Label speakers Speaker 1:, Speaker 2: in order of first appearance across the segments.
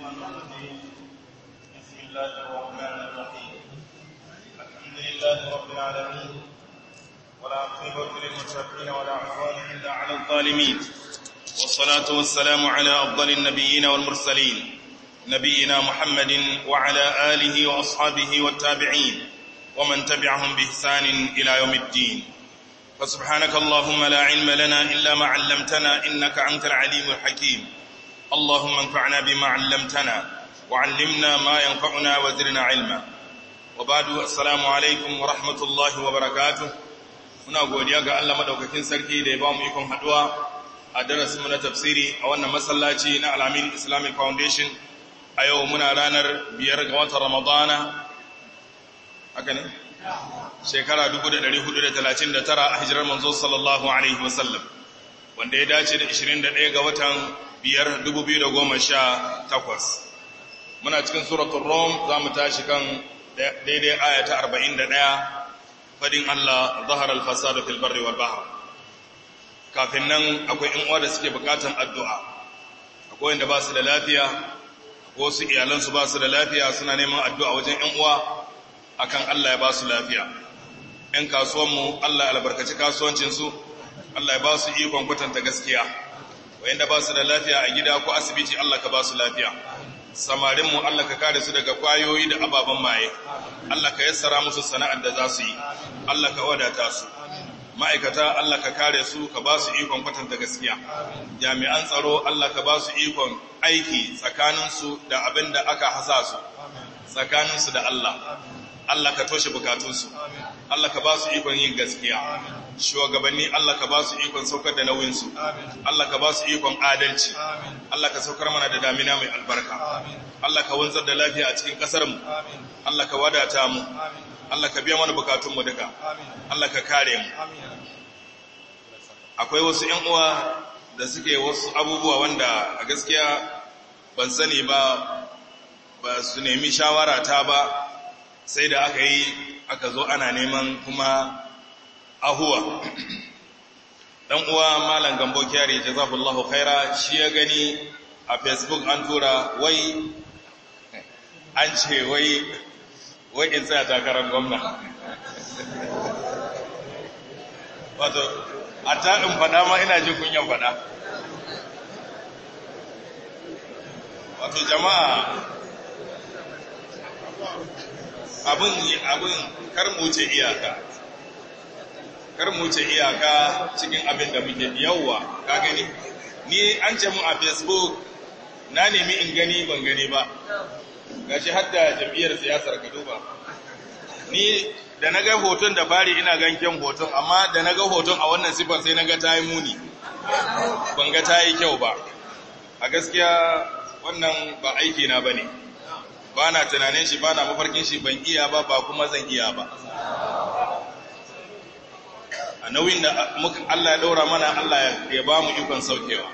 Speaker 1: الشيطان الرجيم بسم الله الرحمن الرحيم الحمد لله رب العالمين ولا عقبة للمتقين ولا عدوان
Speaker 2: إلا على الظالمين والصلاة والسلام على أفضل النبيين والمرسلين نبينا محمد وعلى آله وأصحابه والتابعين ومن تبعهم بإحسان إلى يوم الدين فسبحانك اللهم لا علم لنا إلا ما علمتنا إنك أنت العليم الحكيم اللهم انفعنا بما علمتنا وعلمنا ما ينفعنا وزرنا علما وبعد السلام عليكم ورحمة الله وبركاته muna godiya ga Allah madaukakin sarki da ya ba ikon haɗuwa a darasinmu na tafsiri a wannan masallaci na Alamin Islamic Foundation a yau muna ranar biyar ga watan Ramadana haka ne shekara 1439 a hijirar manzo sallallahu alaihi wasallam wanda ya dace da 21 ga watan biyar dubu biyu da goma sha takwas muna cikin suratun rom za mu tashi kan daidai aya ta arba'in da ɗaya fadin allah zahar alfasa da filbarri wal kafin nan akwai in uwa da suke bukatan addu'a akwai wanda ba su da lafiya ko su iyalansu ba su da lafiya suna neman addu'a wajen ‘yan uwa Akan kan Allah ya ba su lafiya. ‘Yan kasuwanmu, Allah ya albarkaci kasuwancinsu, Allah ya ba su ikon kwatanta gaskiya. wayanda ba su da lafiya a gida ko asibiti Allah ka ba su lafiya samarinmu Allah ka kare su daga kwayoyi da ababen maye Allah ka yassara musu sana'ar da za su yi Allah ka wadata su ma'aikata Allah ka kare su ka ba su ikon kwatanta gaskiya jami'an tsaro Allah ka ba su ikon aiki tsakaninsu da abin da aka hasa su tsakaninsu da Allah Allah ka toshe bukatunsu Allah ka ba su ikon yin gaskiya shugabanni Allah ka ba su ikon saukar da nauyinsu Allah ka ba su ikon adalci Allah ka saukar mana da damina mai albarka Allah ka wanzar da lafiya a cikin ƙasarmu Allah ka wadata mu Allah ka biya mana bukatunmu duka Allah ka kare mu akwai wasu ‘yan uwa da suke wasu abubuwa wanda a gaskiya ban sani ba ba su nemi shawara ta ba sai da aka yi aka zo ana neman kuma ahuwa dan uwa malam gambo kyari jazahullahu khaira shi ya gani a facebook an tura wai an ce wai wai in tsaya takarar gwamna wato a ta'in fada ma ina kun kunyan fada wato jama'a abin abin kar mu wuce iyaka kar mu wuce iyaka cikin abin da muke yawwa ka gani ni an ce mu a facebook na nemi in gani ban gani ba gashi hatta jam'iyyar siyasar ka duba ni da na ga hoton da bari ina ganken hoton amma da na ga hoton a wannan sifar sai na ga ta yi muni ban ga ta yi kyau ba a gaskiya wannan ba aiki na ba ne ba na tunanin shi ba na mafarkin shi ban iya ba ba kuma zan iya ba nauyin da Allah ya daura mana Allah ya ba mu ikon saukewa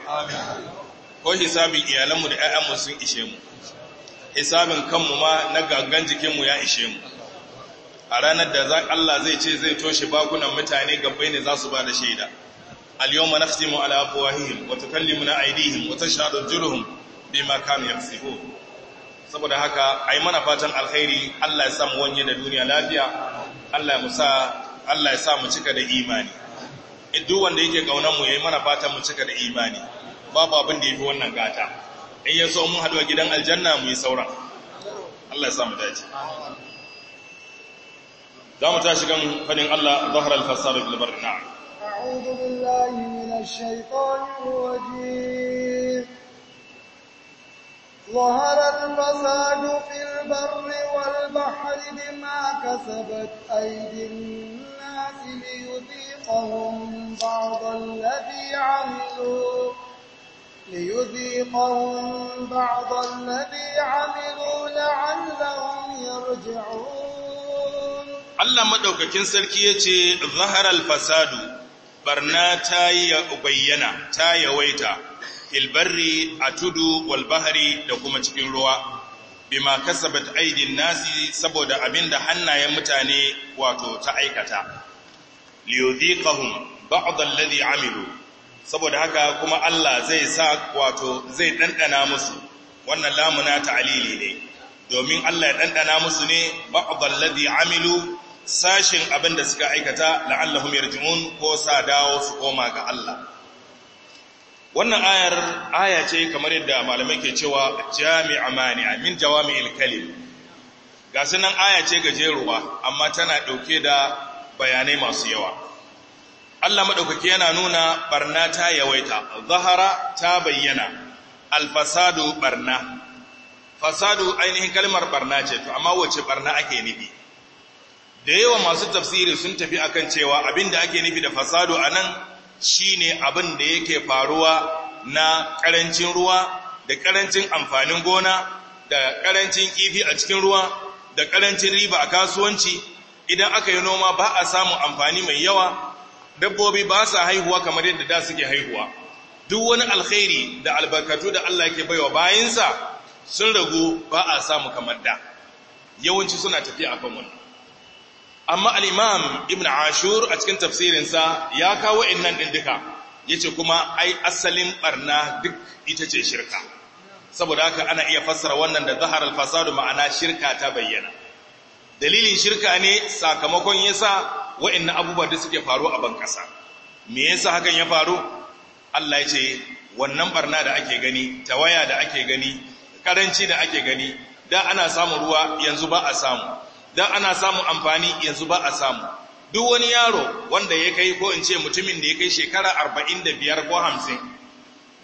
Speaker 2: ko hisabin iyalanmu da 'ya'yanmu sun ishe mu hisabin kanmu ma na gangan jikinmu ya ishe mu a ranar da Allah zai ce zai toshe bakunan mutane gabbai ne za su ba da shaida al-yawma nakhtimu ala afwahihim wa tukallimuna aydihim wa tashhadu arjuluhum bima ya yaksibun saboda haka a yi mana fatan alkhairi Allah ya samu wanye da duniya lafiya Allah ya musa Allah ya sa mu cika da imani duk wanda yake kaunar mu yayi mana fatan mu cika da imani babu abin da yafi wannan gata in ya so mun haɗu gidan aljanna mu yi saura Allah ya sa mu dace za mu tashi kan fadin Allah zahar al-fasar bil barri na'am
Speaker 1: a'udhu billahi ظهر الفساد في البر والبحر بما كسبت أيدي السيئات ليذيقهم Sarki الذي عملوا ليذيقهم بعض
Speaker 2: barna ta yi bayyana ta yawaita filbarri a tudu walbahari da kuma cikin ruwa bima kasabat aidin nasi saboda abinda hannayen mutane wato ta aikata liyudhiqahum ba'd alladhi amilu saboda haka kuma Allah zai sa wato zai dandana musu wannan lamuna ta'lili ne domin Allah ya dandana musu ne ba'd alladhi amilu sashin abin da suka aikata la'allahum yarji'un ko sa dawo su koma ga Allah wannan ayar aya ce kamar yadda malamai ke cewa jami'a mani min jawami'il kalim ga sunan aya ce gajeruwa amma tana dauke da bayanai masu yawa Allah madaukake yana nuna barna ta yawaita zahara ta bayyana alfasadu barna fasadu ainihin kalmar barna ce to amma wace barna ake nufi da yawa masu tafsiri sun tafi akan cewa abin da ake nufi da fasadu a nan shi abin da yake faruwa na ƙarancin ruwa da ƙarancin amfanin gona da ƙarancin kifi a cikin ruwa da ƙarancin riba a kasuwanci idan aka yi noma ba a samu amfani mai yawa dabbobi ba sa haihuwa kamar yadda da suke haihuwa duk wani alkhairi da albarkatu da Allah yake baiwa bayinsa sun ragu ba a samu kamar da yawanci suna tafiya akan wannan amma al-imam ibn ashur a cikin tafsirinsa ya kawo innan din duka yace kuma ai asalin barna duk ita ce shirka saboda haka ana iya fassara wannan da zahar al-fasadu ma'ana shirka ta bayyana dalilin shirka ne sakamakon yasa wa'annan abubuwa da suke faru a ban kasa me yasa hakan ya faru Allah ya ce wannan barna da ake gani tawaya da ake gani karanci da ake gani da ana samun ruwa yanzu ba a samu da ana samun amfani yanzu ba a samu duk wani yaro wanda ya kai ko in ce mutumin da ya kai shekara arba'in da biyar ko hamsin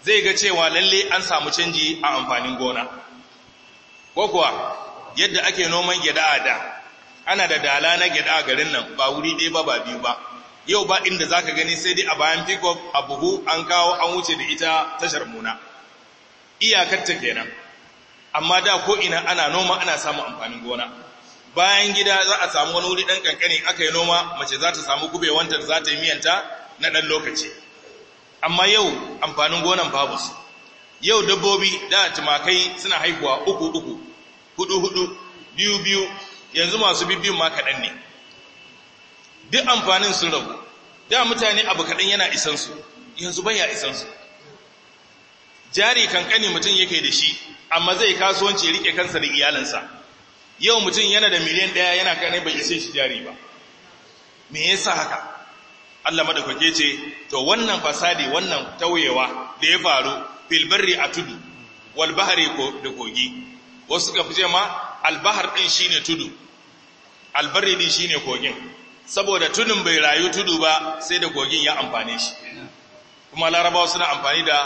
Speaker 2: zai ga cewa lalle an samu canji a amfanin gona ko kuwa yadda ake noman gyada da ana da dala na gida a garin nan ba wuri ɗaya ba ba biyu ba yau ba inda zaka gani sai dai a bayan pickup a buhu an kawo an wuce da ita tashar muna iyakar ta kenan amma da ko ina ana noma ana samu amfanin gona bayan gida za a samu wani wuri ɗan kankani aka yi noma mace za ta samu kubewanta za ta yi miyanta na ɗan lokaci amma yau amfanin gonan babu su yau dabbobi da tumakai suna haihuwa uku uku hudu hudu biyu biyu yanzu masu bibbin ma kaɗan ne duk amfanin sun rabu da mutane abu kaɗan yana isansu yanzu baya isansu jari kankani mutum yake da shi amma zai kasuwanci rike kansa da iyalinsa yau mutum yana da miliyan ɗaya yana kanai bai isa shi jari ba me yasa haka Allah madaukake ce to wannan fasadi wannan tauyewa da ya faru fil barri a tudu wal bahri da kogi wasu ka fice ma albahar din shine tudu ɗin din shine kogin saboda tudun bai rayu tudu ba sai da kogin ya amfane shi kuma larabawa suna amfani da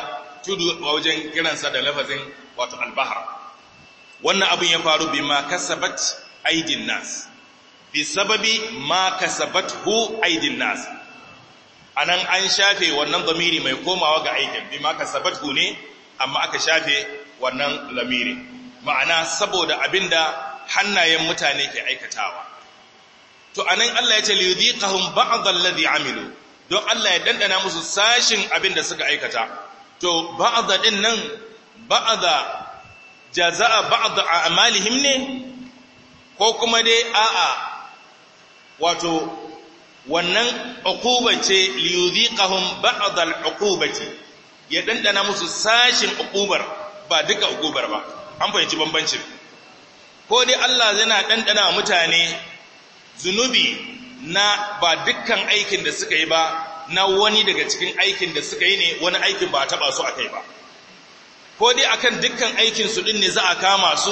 Speaker 2: tudu a wajen kiransa da lafazin wato albahar wannan abin ya faru bi ma kasabat aidin nas bi sababi ma kasabat hu aidin nas anan an shafe wannan zamiri mai komawa ga aikin bi ma kasabat hu ne amma aka shafe wannan lamiri ma'ana saboda abinda hannayen mutane ke aikatawa to anan Allah ya ce liyudhiqahum ba'd alladhi amilu don Allah ya dandana musu sashin abinda suka aikata to ba'd din nan ba'd jaza'a ba'd a'malihim ne ko kuma dai a'a wato wannan uquba ce liyudhiqahum ba'd al ya dandana musu sashin uqubar ba duka uqubar ba an fahimci bambancin ko dai Allah yana ɗanɗana mutane zunubi na ba dukkan aikin da suka yi ba na wani daga cikin aikin da suka yi ne wani aikin ba taɓa su a kai ba ko dai akan dukkan aikin su ɗin ne za a kama su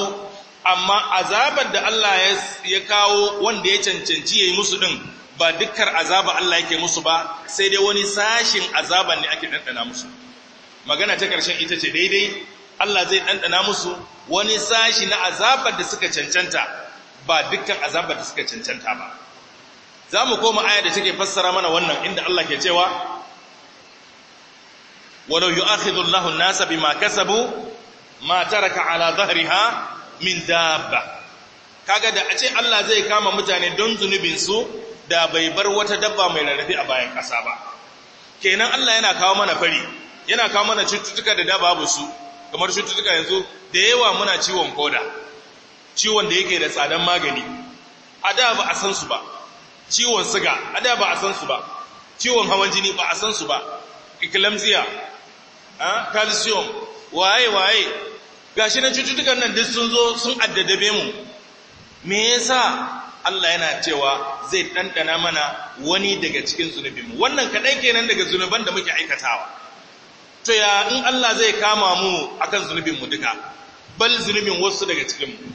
Speaker 2: amma azabar da Allah ya kawo wanda ya cancanci ya yi musu ɗin ba dukkan azaba Allah yake musu ba sai dai wani sashin azaban ne ake ɗanɗana musu magana ta ƙarshen ita ce daidai Allah zai ɗanɗana musu wani sashi na azabar da suka cancanta ba dukkan azabar da suka cancanta ba za mu koma aya da take fassara mana wannan inda Allah ke cewa walau yu'akhidhu Allahu an-nasa ma kasabu ma taraka ala ha min dabba kaga da a ce Allah zai kama mutane don zunubinsu da bai bar wata dabba mai rarrafe a bayan ƙasa ba kenan Allah yana kawo mana fari yana kawo mana cututtuka da da babu su kamar cututtuka yanzu da yawa muna ciwon koda ciwon da yake da tsadan magani a da ba a san su ba ciwon siga a da ba a san su ba ciwon hawan jini ba a san su ba eclampsia calcium waye waye gashi na cututtukan nan duk sun zo sun addadabe mu me yasa Allah yana cewa zai ɗanɗana mana wani daga cikin zunubinmu wannan kaɗai kenan daga zunuban da muke aikatawa ta ya in Allah zai kama mu akan zunubin mu duka bal zunubin wasu daga cikin mu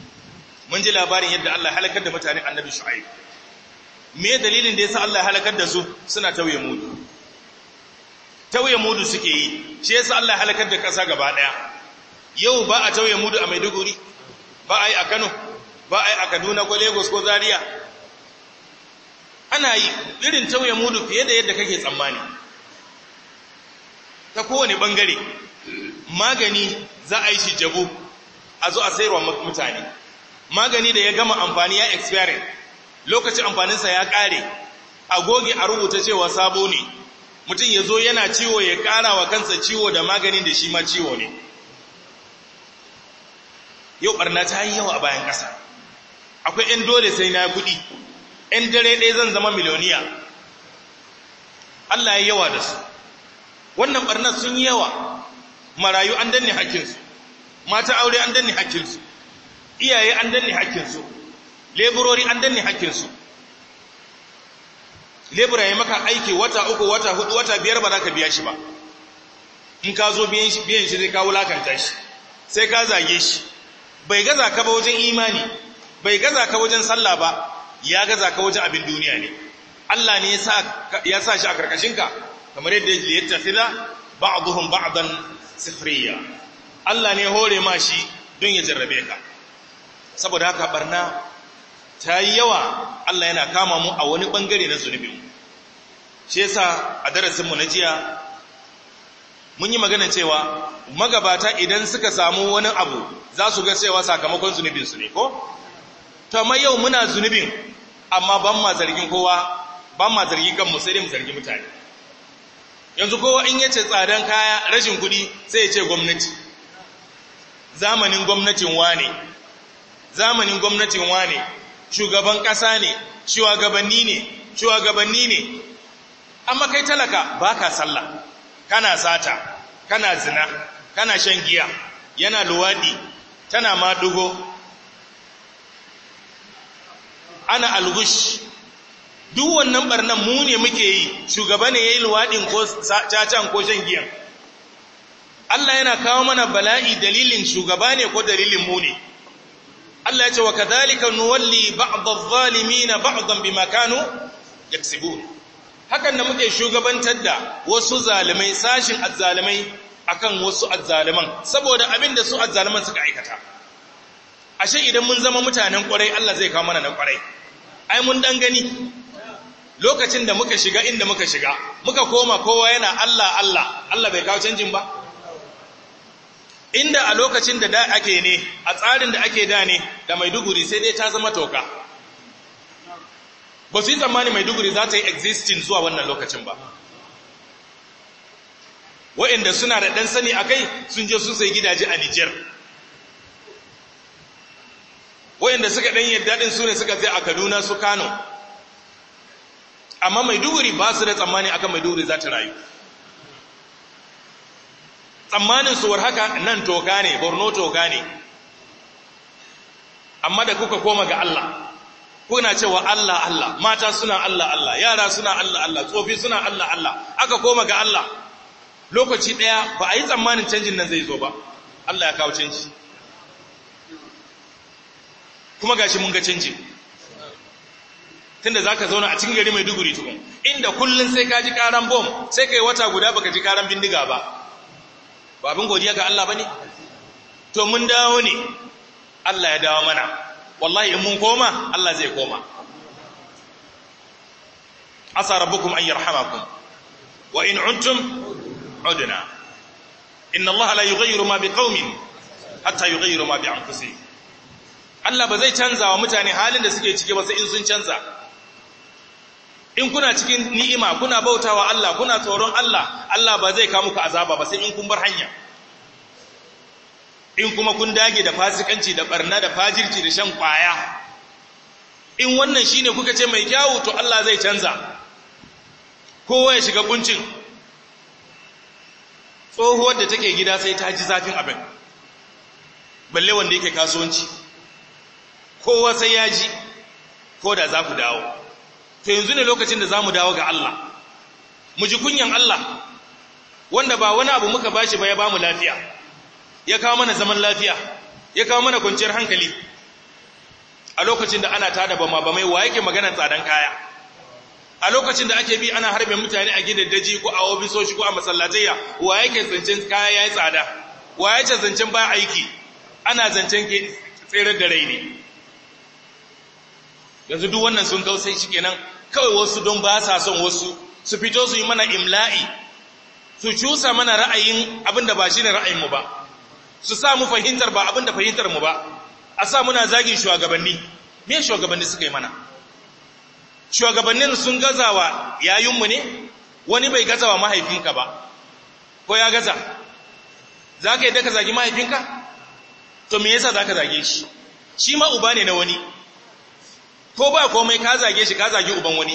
Speaker 2: mun ji labarin yadda Allah halakar da mutane annabi shu'aib me dalilin da yasa Allah halakar da su suna tauye mudu tauye mudu suke yi shi yasa Allah halakar da ƙasa gaba ɗaya yau ba a tauye mudu a Maiduguri ba a yi a Kano ba a yi a Kaduna ko Lagos ko Zaria ana yi irin tauye mudu fiye da yadda kake tsammani ta kowane bangare magani za a yi shi jabu a zo a sayarwa mutane magani da ya gama amfani ya expire lokacin amfaninsa ya kare a goge a rubuta cewa sabo ne mutum ya zo yana ciwo ya kara wa kansa ciwo da maganin da shi ma ciwo ne yau barna ta yi yawa a bayan ƙasa akwai 'yan dole sai na kuɗi 'yan dare ɗaya zan zama miliyoniya Allah ya yawa da su wannan barnar sun yi yawa marayu an danne hakinsu mata aure an danne hakinsu iyaye an danne hakinsu leburori an danne hakinsu lebura ya maka aiki wata uku wata hudu wata biyar ba za ka biya shi ba in ka zo biyan shi zai ka wulakanta shi sai ka zage shi bai gaza ka ba wajen imani bai gaza ka wajen sallah ba ya gaza ka wajen abin duniya ne Allah ne ya sa shi a karkashinka kamar yadda ya ba ba'dhum ba'dan sifriya Allah ne hore ma shi don ya jarrabe ka saboda haka barna ta yi yawa Allah yana kama mu a wani bangare na zunubin shi yasa a darasin mu na jiya mun yi magana cewa magabata idan suka samu wani abu za su ga cewa sakamakon zunubin su ne ko to amma yau muna zunubin amma ban ma zargin kowa ban ma zargin kanmu sai dai mu zargi mutane yanzu kowa in yace tsadan kaya rashin kuɗi sai ya ce gwamnati zamanin gwamnatin wane zamanin gwamnatin wane shugaban ƙasa ne shugabanni ne shugabanni ne amma kai talaka baka sallah kana sata kana zina kana shan giya yana luwadi tana madugo ana alghush duk wannan barnan mu ne muke yi shugaba ne yayi luwaɗin, ko cacan ko shan giyan Allah yana kawo mana bala'i dalilin shugaba ne ko dalilin mu ne Allah ya ce wa kadhalika nuwalli ba'd adh-dhalimin ba'dan bima kanu yaksubun hakan da muke shugabantar da wasu zalimai sashin azzalimai akan wasu azzaliman saboda abin da su azzaliman suka aikata ashe idan mun zama mutanen kwarai Allah zai kawo mana na kwarai ai mun dan gani lokacin da muka shiga inda muka shiga muka koma kowa yana Allah Allah Allah bai kawo canjin ba inda a lokacin da da ake ne a tsarin da ake da ne da maiduguri sai dai ta zama toka ba su yi tsammani maiduguri za ta yi existing zuwa wannan lokacin ba wa'inda suna da ɗan sani a kai sun je sun sai gidaje a nijar wa'inda suka ɗan yadda ɗin su ne suka zai a kaduna su kano amma maiduguri ba su da tsammani mai maiduguri za ta rayu tsammanin suwar haka nan toka ne borno toka ne amma da kuka koma ga Allah kuna cewa Allah Allah mata suna Allah Allah yara suna Allah Allah tsofi suna Allah Allah aka koma ga Allah lokaci daya ba a yi tsammanin canjin nan zai zo ba Allah ya kawo canji kuma gashi mun ga canjin tunda zaka zauna a cikin gari mai duguri tukun inda kullun sai ka ji karan bom sai kai wata guda baka ji karan bindiga ba ba bin godiya ga Allah bane to mun dawo ne Allah ya dawo mana wallahi in mun koma Allah zai koma asa rabbukum an yarhamakum wa in untum udna inna Allah la yughayyiru ma biqaumin hatta yughayyiru ma bi anfusihim Allah ba zai canza wa mutane halin da suke cike ba sai in sun canza in kuna cikin ni'ima kuna bautawa Allah kuna tsoron Allah Allah ba zai kawo muku azaba ba sai in kun bar hanya in kuma kun dage da fasikanci da barna da fajirci da shan kwaya in wannan shine kuka ce mai kyawu to Allah zai canza kowa ya shiga kuncin tsohuwar da take gida sai ta ji zafin abin balle wanda yake kasuwanci kowa sai ya ji ko da za ku dawo to yanzu ne lokacin da za mu dawo ga Allah mu ji kunyan Allah wanda ba wani abu muka bashi ba ya bamu lafiya ya kawo mana zaman lafiya ya kawo mana kwanciyar hankali a lokacin da ana tada bama ba mai wa yake magana tsadan kaya a lokacin da ake bi ana harbe mutane a gidan daji ko a ofisoshi ko a masallatayya wa yake zancen kaya ya yi tsada wa yake zancen ba aiki ana zancen ke tsere da rai ne yanzu duk wannan sun kau sai kenan kawai wasu don ba sa son wasu su fito su yi mana imla'i su cusa mana ra'ayin abin da ba shi ne ra'ayinmu ba su sa mu fahimtar ba abin da fahimtarmu ba a sa muna zagin shugabanni me shugabanni suka yi mana shugabannin sun gazawa yayinmu ne wani bai gazawa mahaifinka ba ko ya gaza za ka yi daga zagi mahaifinka to me yasa za ka zage shi shi ma uba ne na wani ko ba komai ka zage shi ka zagi uban wani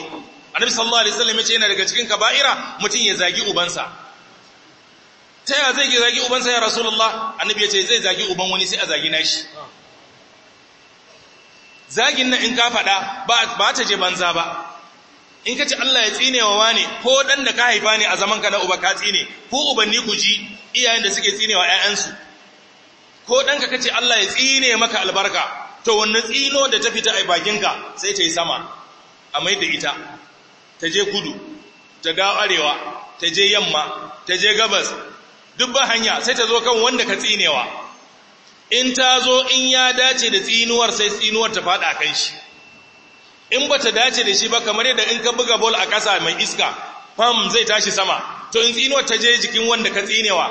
Speaker 2: annabi sallallahu alaihi wasallam yace yana daga cikin kaba'ira mutum ya zagi ubansa ta ya zai zagi ubansa ya rasulullah annabi yace zai zagi uban wani sai a zagi nashi zagin nan in ka faɗa ba ba ta je banza ba in ka ce Allah ya tsine wa wani ko dan da ka haifa ne a zaman ka na uba ka tsine ko ubanni ku ji iyayen da suke tsinewa ƴaƴansu ko dan ka kace Allah ya tsine maka albarka to wannan tsino da ta fita a bakinka sai ta yi sama a mai da ita ta je kudu ta dawo arewa ta je yamma ta je gabas duk ba hanya sai ta zo kan wanda ka tsinewa in ta zo in ya dace da tsinuwar sai tsinuwar ta fada kan shi in ba ta dace da shi ba kamar yadda in ka buga bol a ƙasa mai iska fam zai tashi sama to in tsinuwar ta je jikin wanda ka tsinewa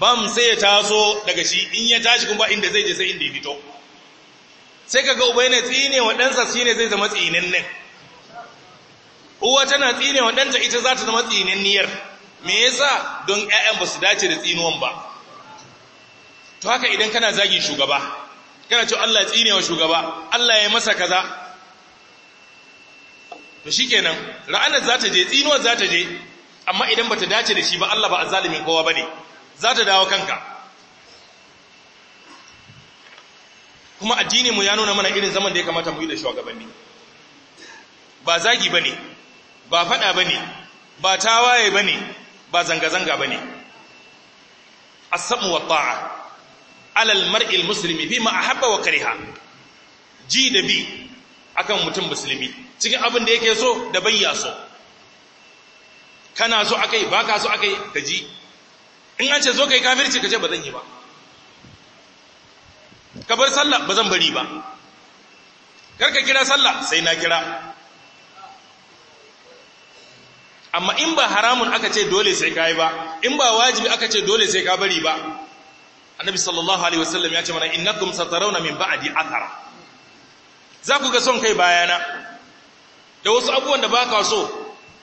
Speaker 2: bam sai ya taso daga shi in ya tashi kuma inda zai je sai inda ya fito sai ka ga uba yana tsine waɗansa su ne zai zama tsinannen uwa tana tsine wa ita za ta zama tsinanniyar me yasa don ƴaƴan ba su dace da tsinuwan ba to haka idan kana zagin shugaba kana ce Allah ya tsine wa shugaba Allah ya masa kaza to shi kenan ra'anar za ta je tsinuwar za ta je amma idan ba ta dace da shi ba Allah ba a zalimin kowa bane za ta dawo kanka kuma addini mu ya nuna mana irin zaman da ya kamata mu yi da shugabanni ba zagi bane ba fada bane ba tawaye bane ba zanga zanga bane as-sam'u wat-ta'a ala al-mar'i al-muslimi bima ahabba wa kariha ji da bi akan mutum musulmi cikin abin da yake so da bayya so kana so akai baka so akai ka ji in an ce zo kai kafirci ka ce ba zan yi ba ka bar sallah ba zan bari ba kar ka kira sallah sai na kira amma in ba haramun aka ce dole sai ka yi ba in ba wajibi aka ce dole sai ka bari ba annabi sallallahu alaihi wasallam ya ce mana innakum satarawna min ba'di athara za ku ga son kai bayana da wasu abubuwan da baka so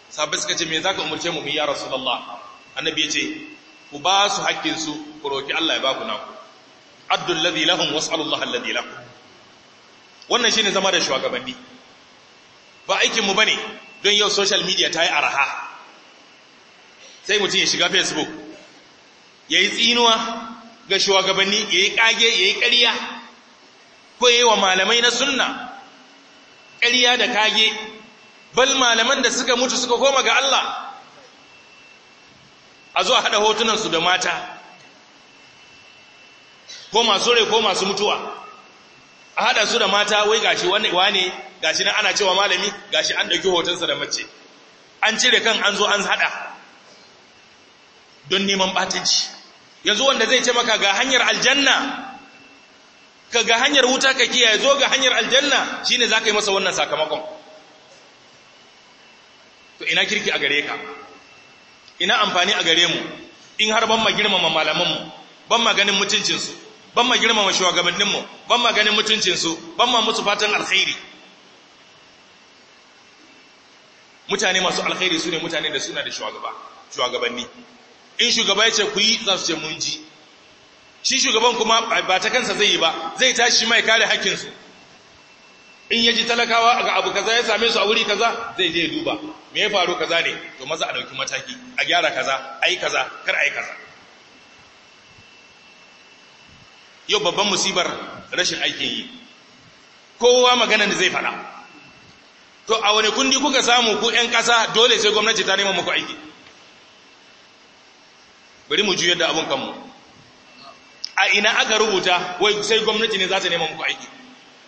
Speaker 2: sabai suka ce me zaka umurce mu ya rasulullah annabi ya ce ku ba su hakkin su ku roki Allah ya ba ku naku addul ladhi lahum wannan shine zama da shugabanni ba aikin mu bane don yau social media ta yi araha sai mutum ya shiga facebook ya yi tsinuwa ga shugabanni ya yi kage ya yi ƙarya ko yi wa malamai na sunna ƙarya da kage bal malaman da suka mutu suka koma ga Allah a zuwa haɗa hotunansu da mata ko masu rai ko masu mutuwa a hada su da mata wai gashi wani wane gashi nan ana cewa malami gashi an dauki hotonsa da mace an cire kan an zo an hada don neman batanci yanzu wanda zai ce maka ga hanyar aljanna ka ga hanyar wuta ka kiyaye zo ga hanyar aljanna shine zaka yi masa wannan sakamakon to ina kirki a gare ka ina amfani a gare mu in har ban ma girmama malaman mu ban maganin ganin mutuncin su ban ma girmama shugabanninmu ban ma ganin mutuncinsu ban ma musu fatan alkhairi mutane masu alkhairi su ne mutane da suna da shugabanni in shugaba ya ce ku yi za su ce mun ji shi shugaban kuma ba ta kansa zai yi ba zai tashi mai kare hakkinsu in ya ji talakawa ga abu kaza ya same su a wuri kaza zai je duba me ya faru kaza ne to maza a ɗauki mataki a gyara kaza a yi kaza kar a yi kaza yau babban musibar rashin aikin yi kowa magana da zai faɗa to a wani kundi kuka samu ku 'yan ƙasa dole sai gwamnati ta nema muku aiki bari mu juyar da abin kanmu a ina aka rubuta wai sai gwamnati ne za ta nema muku aiki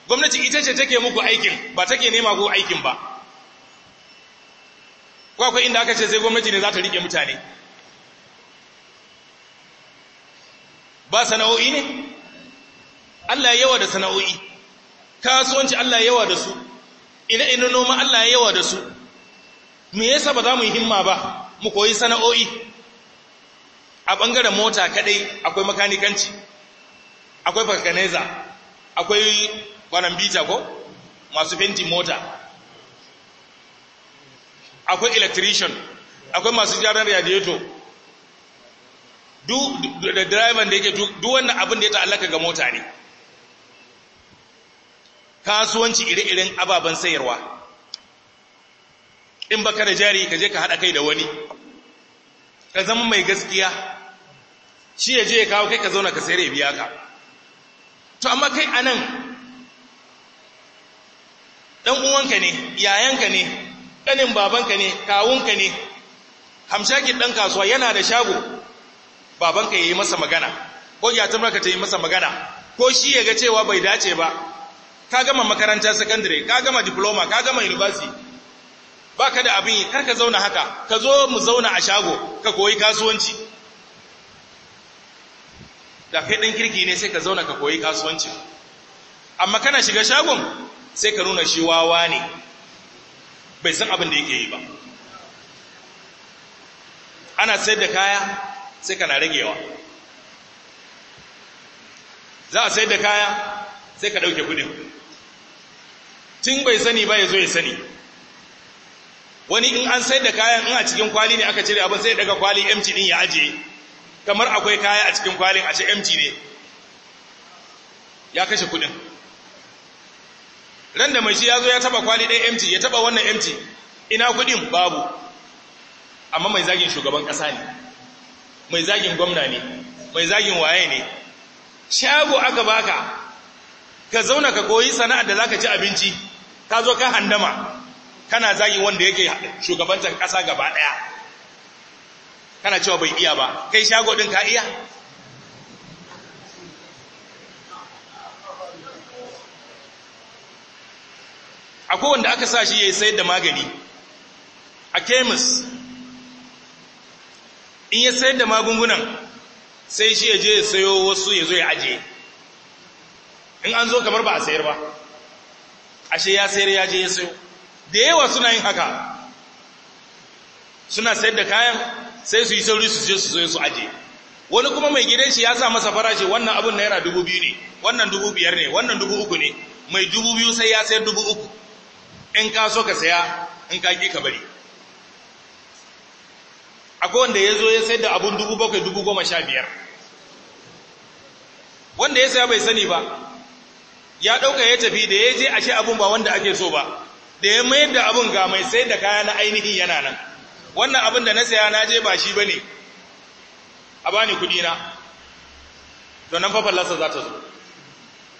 Speaker 2: gwamnati ita ce take muku aikin ba take nema ku aikin ba ko akwai inda aka ce sai gwamnati ne za ta rike mutane ba sana'o'i ne Allah ya yawa da sana'o'i kasuwanci Allah ya yawa da su ina ina noma Allah ya yawa da su me yasa ba za mu yi himma ba mu koyi sana'o'i a bangaren mota kadai akwai makanikanci akwai fakaneza akwai wannan bita ko masu fenti mota akwai electrician akwai masu gyaran radiator duk da driver da yake duk wannan abin da ya ta'allaka ga mota ne kasuwanci ire-iren ababen sayarwa in baka da jari ka je ka haɗa kai da wani ka zama mai gaskiya shi ya je ya kawo kai ka zauna ka sayar ya biya ka to amma kai a nan ɗan uwanka ne yayanka ne ƙanin babanka ne kawunka ne hamshakin ɗan kasuwa yana da shago babanka ya yi masa magana ko ya ta ta yi masa magana ko shi ya ga cewa bai dace ba ka gama makarantar secondary ka gama diploma ka gama university baka da abin yi kar ka zauna haka ka zo mu zauna a shago ka koyi kasuwanci da kai ɗan kirki ne sai ka zauna ka koyi kasuwanci amma kana shiga shagon sai ka nuna shi wawa ne bai san abin da yake yi ba ana sayar da kaya sai kana ragewa za a sayar da kaya sai ka ɗauke kudin tun bai sani ba ya zo ya sani wani in an sai da kayan in a cikin kwali ne aka cire abin sai daga kwali empty din ya ajiye kamar akwai kaya a cikin kwalin a ce empty ne ya kashe kudin ran da mai shi ya zo ya taba kwali ɗaya empty ya taba wannan empty ina kudin babu amma mai zagin shugaban ƙasa ne mai zagin gwamna ne mai zagin waye ne shago aka baka ka zauna ka koyi sana'ar da zaka ci abinci ka zo ka handama kana zagi wanda yake shugabantar ƙasa gaba ɗaya kana cewa bai iya ba kai shago ɗin ka iya akwai wanda aka sa shi ya sayar da magani a kemis in ya sayar da magungunan sai shi ya je ya sayo wasu ya zo ya ajiye in an zo kamar ba a sayar ba ashe ya sayar ya je ya sayo da yawa suna yin haka suna sayar da kayan sai su yi sauri su je su zo su aje wani kuma mai gidan shi ya sa masa farashi wannan abun naira dubu biyu ne wannan dubu biyar ne wannan dubu uku ne mai dubu biyu sai ya sayar dubu uku in ka so ka saya in ka ki ka bari akwai wanda ya zo ya sayar da abun dubu bakwai dubu goma sha biyar wanda ya saya bai sani ba ya ɗauka ya tafi da ya je a ce abun ba wanda ake so ba da ya mayar da abun ga mai sayar da kaya na ainihi yana nan wannan abin da na saya na je ba shi ba ne a bani kuɗi na to nan lasa za ta zo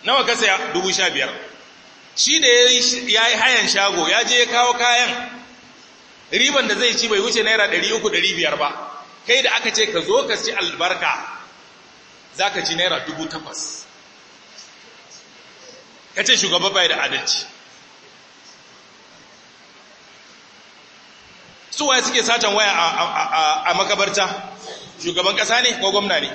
Speaker 2: nawa ka saya dubu sha biyar shi da ya yi hayan shago ya je ya kawo kayan riban da zai ci bai wuce naira ɗari uku ɗari biyar ba kai da aka ce ka zo ka ci albarka za ka ci naira dubu takwas ka ce shugaba bai da adalci su waye suke satan waya a makabarta shugaban kasa ne ko gwamna ne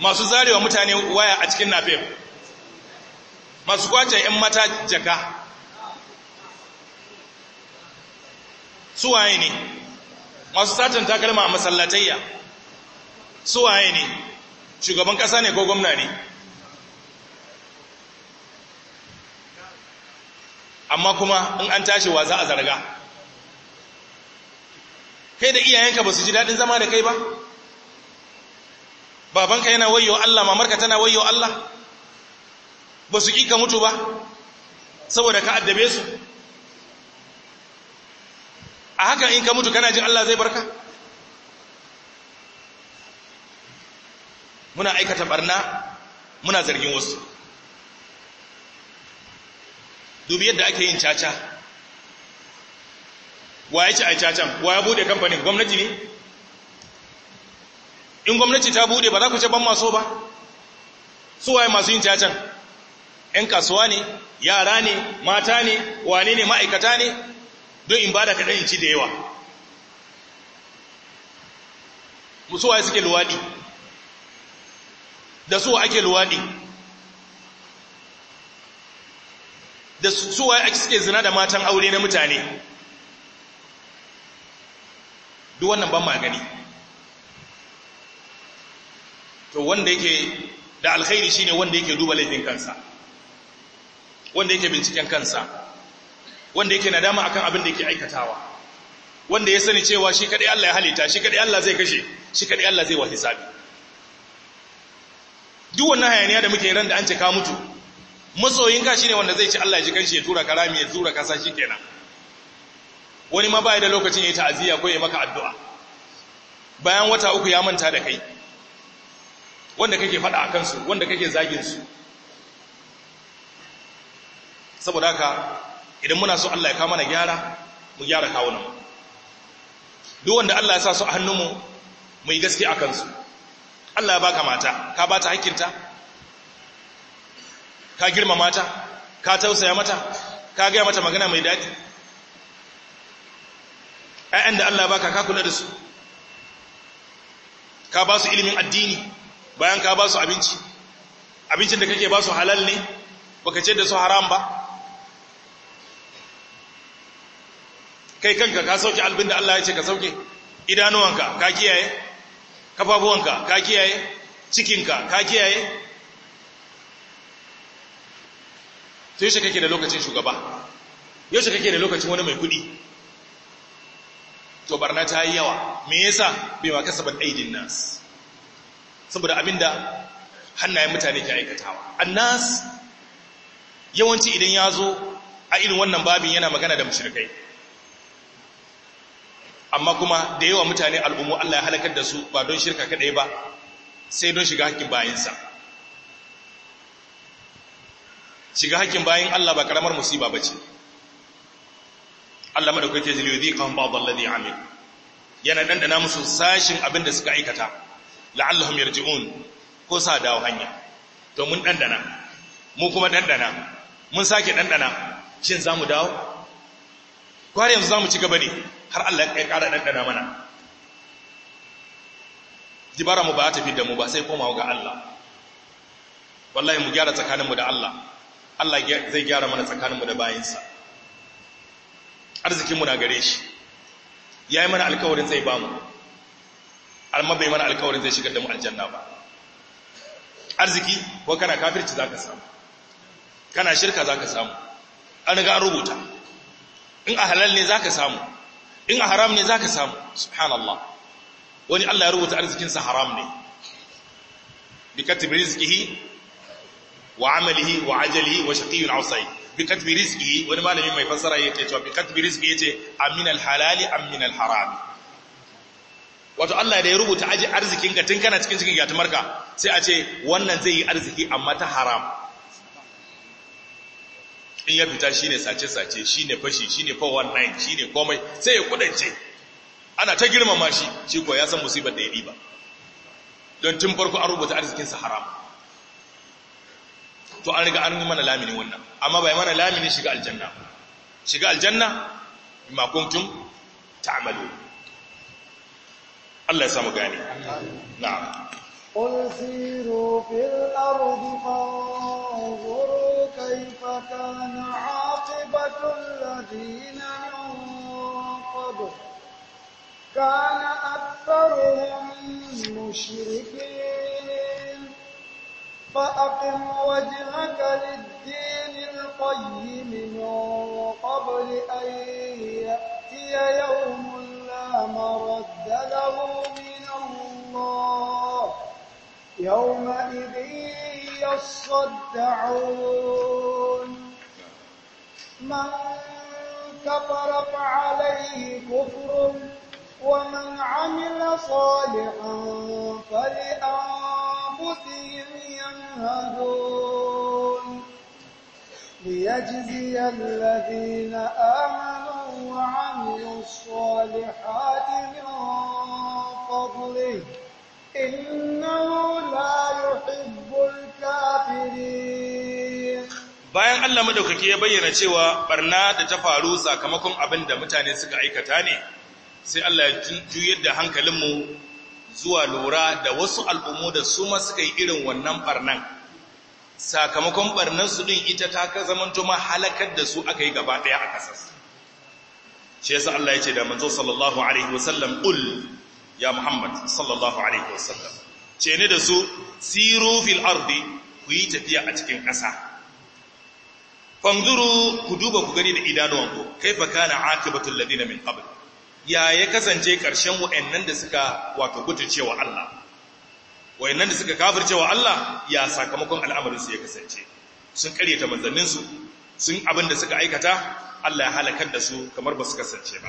Speaker 2: masu zarewa mutane waya a cikin nafem masu kwace 'yan mata jaka waye ne masu satan takalma a masallatayya waye ne shugaban ƙasa ne ko gwamna ne amma kuma in an tashi wa za a zarga kai da iyayenka ba su ji daɗin zama da kai ba babanka yana wayo Allah mamarka tana wayo Allah ba su ƙi ka mutu ba saboda ka addabe su a haka in ka mutu kana jin Allah zai barka muna aikata barna muna zargin wasu dubi yadda ake yin caca wa ya ci a cacan wa ya bude kamfanin gwamnati ne in gwamnati ta bude ba za ku ce ban maso ba su waye masu yin cacan ‘yan kasuwa ne yara ne mata ne wane ne ma'aikata ne don in ba da kaɗan in ci da yawa musuwa suke luwaɗi da su ake luwaɗi da su ake suke zina da matan aure na mutane duk wannan ban magani to wanda yake da alkhairi shine wanda yake duba laifin kansa wanda yake binciken kansa wanda yake nadama akan abin da yake aikatawa wanda ya sani cewa shi kadai Allah ya halitta shi kadai Allah zai kashe shi kadai Allah zai wa hisabi duk wannan hayaniya da muke ran da an ce ka mutu masoyinka ne wanda zai ci Allah ya ji kanshi ya tura karami ya tura sashi kenan wani ma bai da lokacin yayi ta'aziyya ko ya maka addu'a bayan wata uku ya manta da kai wanda kake fada akan su wanda kake zagin su saboda haka idan muna so Allah ya kawo mana gyara mu gyara kawunan duk wanda Allah ya sa su a hannunmu mu yi gaske akan su Allah ya baka mata ka bata hakkinta ka girma mata ka tausaya mata ka gaya mata magana mai daɗi ‘ya'yan da Allah baka ka kula da su ka ba su ilimin addini bayan ka ba su abinci abincin da kake ba su halal ne baka ce da su haram ba kai kanka ka sauke albin da Allah ya ce ka sauke idanuwanka ka kiyaye kafafuwanka ka kiyaye cikinka ka kiyaye to yaushe kake da lokacin shugaba yaushe kake da lokacin wani mai kuɗi to barna ta yi yawa me yasa bai ma kasabar aidin nas saboda abinda hannayen mutane ke aikatawa annas yawanci idan ya zo a irin wannan babin yana magana da mushrikai amma kuma da yawa mutane al'ummu Allah ya halakar da su ba don shirka kaɗai ba sai don shiga hakkin bayansa shiga hakkin bayan Allah ba karamar musiba ba ce Allah madaukake zai zika kan ba'd alladhi Amin. yana ɗanɗana musu sashin abin da suka aikata la'allahum yarji'un ko sa dawo hanya to mun ɗanɗana. mu kuma ɗanɗana. mun sake ɗanɗana. shin mu dawo Kwari yanzu mu ci gaba ne har Allah ya ƙara ɗanɗana mana dibara mu ba ta fi da mu ba sai komawa ga Allah wallahi mu gyara tsakaninmu da Allah Allah zai gyara mana tsakaninmu da bayinsa arzikinmu na gare shi ya yi mana alkawarin zai ba mu amma bai mana alkawarin zai shigar da mu aljanna ba arziki ko kana kafirci za ka samu kana shirka za ka samu an ga an rubuta in a halal ne za ka samu in a haram ne zaka samu subhanallah wani Allah ya rubuta arzikinsa haram ne bi katbi rizqihi wa amalihi wa ajalihi wa shaqiyyun aw sa'id bi katbi rizqihi wani malami mai fassara yake cewa bi katbi rizqihi yace amin al halali am min al haram wato Allah da ya rubuta aji arzikin ka tun kana cikin cikin yatimarka sai a ce wannan zai yi arziki amma ta haram in ya fita shine sace-sace shine fashi shine 419 shine komai sai ya kudance ana ta girmama shi shi ko ya san musibar da ya riba don tun farko an rubuta arzikinsa haram to an riga an mana laminin wannan amma bai mana laminin shiga aljanna shiga aljanna ma kuntum ta'malu Allah ya samu gane na'am
Speaker 1: قل سيروا في الأرض فانظروا كيف كان عاقبة الذين من قبل كان أكثرهم مشركين فأقم وجهك للدين القيم من قبل أن يأتي يوم لا مرد له من الله يومئذ يصدعون من كفر فعليه كفر ومن عمل صالحا فلأنفسهم ينهدون ليجزي الذين آمنوا وعملوا الصالحات من فضله innahu
Speaker 2: bayan Allah madaukake ya bayyana cewa barna da ta faru sakamakon abin da mutane suka aikata ne sai Allah ya juyar da hankalinmu zuwa lura da wasu al'ummu da su ma suka yi irin wannan barnan sakamakon barnan su din ita ta ka zamanto ma halakar da su aka yi gaba daya a ƙasar. shi yasa Allah ya ce da manzo sallallahu alaihi wasallam ul ya Muhammad sallallahu alaihi wasallam ce ne da su siru fil ardi ku yi tafiya a cikin ƙasa fanzuru ku duba ku gani da idanuwanku kaifa kana akibatul ladina min qabl ya ya kasance ƙarshen wa'annan da suka wato gutucewa Allah wayannan da suka kafircewa Allah ya sakamakon al'amarin su ya kasance sun karyata manzannin su sun abin da suka aikata Allah ya halakar da su kamar ba su kasance ba